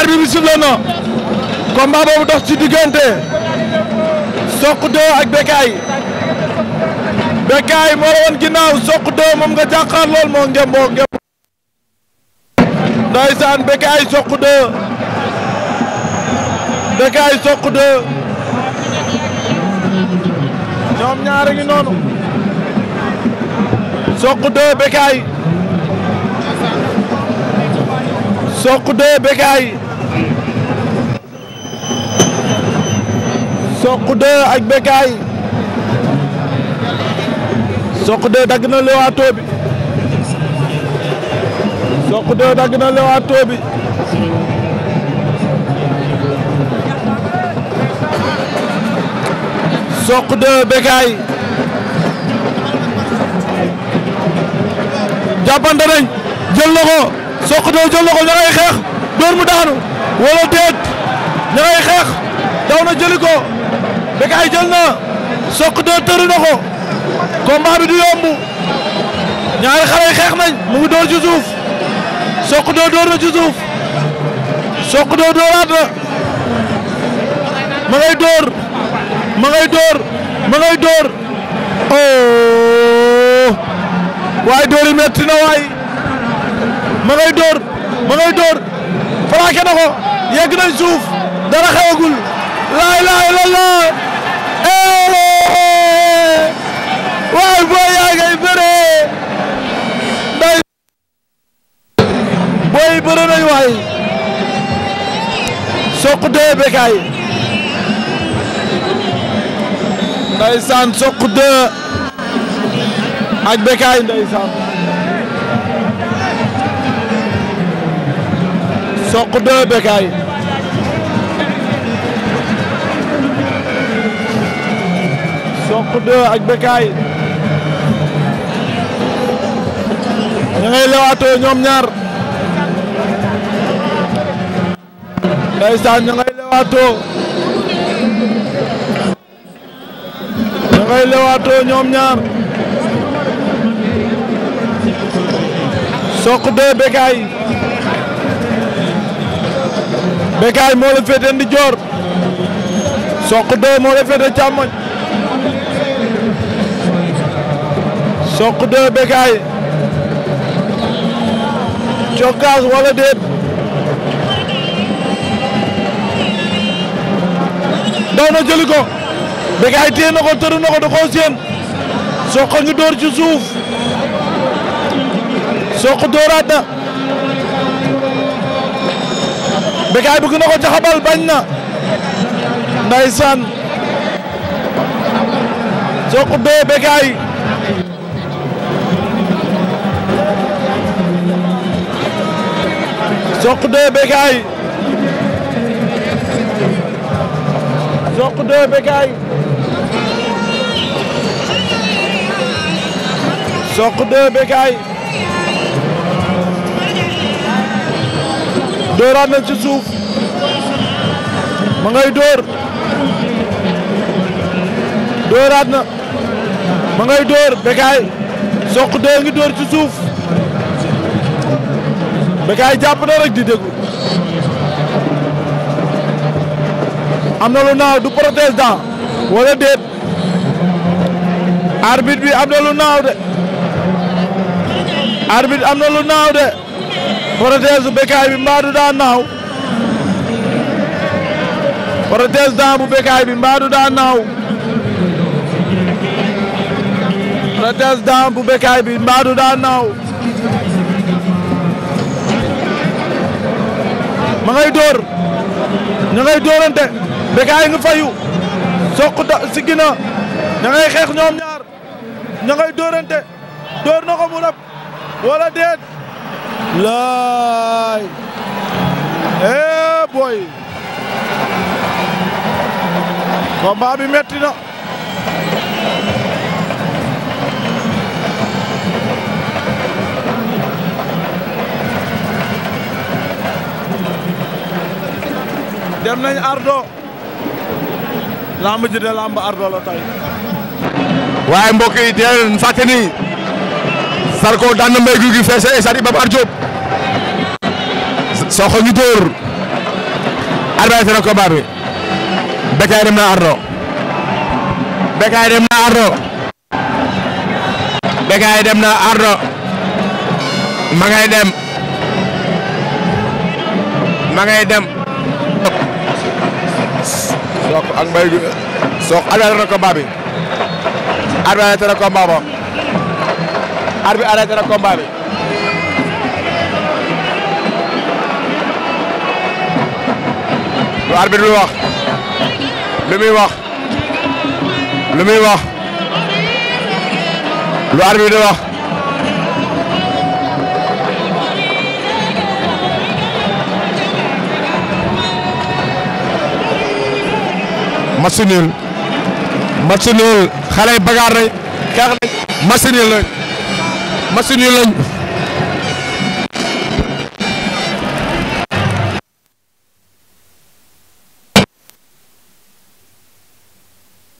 arbitre bi sifflé boobu dox ci diggante Sokh 2 ak Bécaye Bécaye moo la woon ginnaaw Sokh 2 moom nga moo ngem boo ngem ndeysaan Bécaye Sokh 2 Bécaye Sokh 2 ñoom ñaari ngi noonu Sokh 2 Bécaye Sokh 2 Bécaye Sokh 2 ak Bécaye Sokh 2 dagg na lewaatoo bi Sokh 2 dagg na lewaatoo bi Sokh 2 Bécaye jàppante xeex dóor daanu wala déet ña xeex daw na jëli Bécaye jël na Sokh doo tëru na ko combat bi du yomb ñaari xale yi xeex nañ mu ngi door ci suuf Sokh doo door na ci suuf Sokh doo dooraat na ma ngay door ma ngay door ma ngay door oh waaye door yi metti na waay ma ngay door ma ngay door plaqué na ko yegg nañ suuf dara xewagul laay laay la la waaye booy yaa ngay bëree day booy bëri nañ waay soq deux Bécaye ndeysaan soq deux ak Bécaye ndeysaan soq deux Bécaye Sokh 2 ak Bécaye ña ngay lewaatoo ñoom ñaar ndeysaan ña ngay lewaatoo ña ngay lewaatoo ñoom ñaar Sokh 2 Bécaye Bécaye moo la féete ndijoor Sokh 2 moo la Sokh 2 Bécaye cokkaas wala déet daw na jëli ko Bécaye téye na ko tëru na ko da koo séen Sokh a ngi dóor ci suuf Sokh dóoraat na Bécaye bëgg na ko jaxabal bañ na ndeysaan Sokh 2 Bécaye Sokh 2 Bécaye Sokh 2 Bécaye Sokh 2 Bécaye dooraat nañ ci suuf ma ngay door dooraat na ma ngay door Bécaye Sokh 2 ngi door ci suuf Bécaye jàpp na rek di déglu am na lu naaw du protestant wala déet arbitre bi am na lu naaw de arbitre am na lu naaw de proteste Bécaye bi mbaadu daa naaw protestant bu Bécaye bi mbaadu daa naaw protestant bu Bécaye bi du daa naaw ma ngay dóor ña ngay dóorante Bécaye nga fayu soq da si gina ña ngay xeex ñoom ñaar ña ngay dóorante dóor na ko mu rab wala déet laay eh boy combat bi metti na dem nañ Ardo lamb ji de lamb Ardo la tay waaye mbokk yi di ni Zarko daan na mbéy gu gi feese stade Iba Mar Diop soo ko ñu dóor arbitre na combat bi Bécaye dem na Ardo Bécaye dem na Ardo Bécaye dem na Ardo ma ngay dem ma ngay dem Sokh ak Mbaye Gouye Sokh arrêté lu arbitre lu wax lu muy wax lu muy wax match nul match nul xale yi bagaar nañ xeex nañ match nul lañ match nul lañ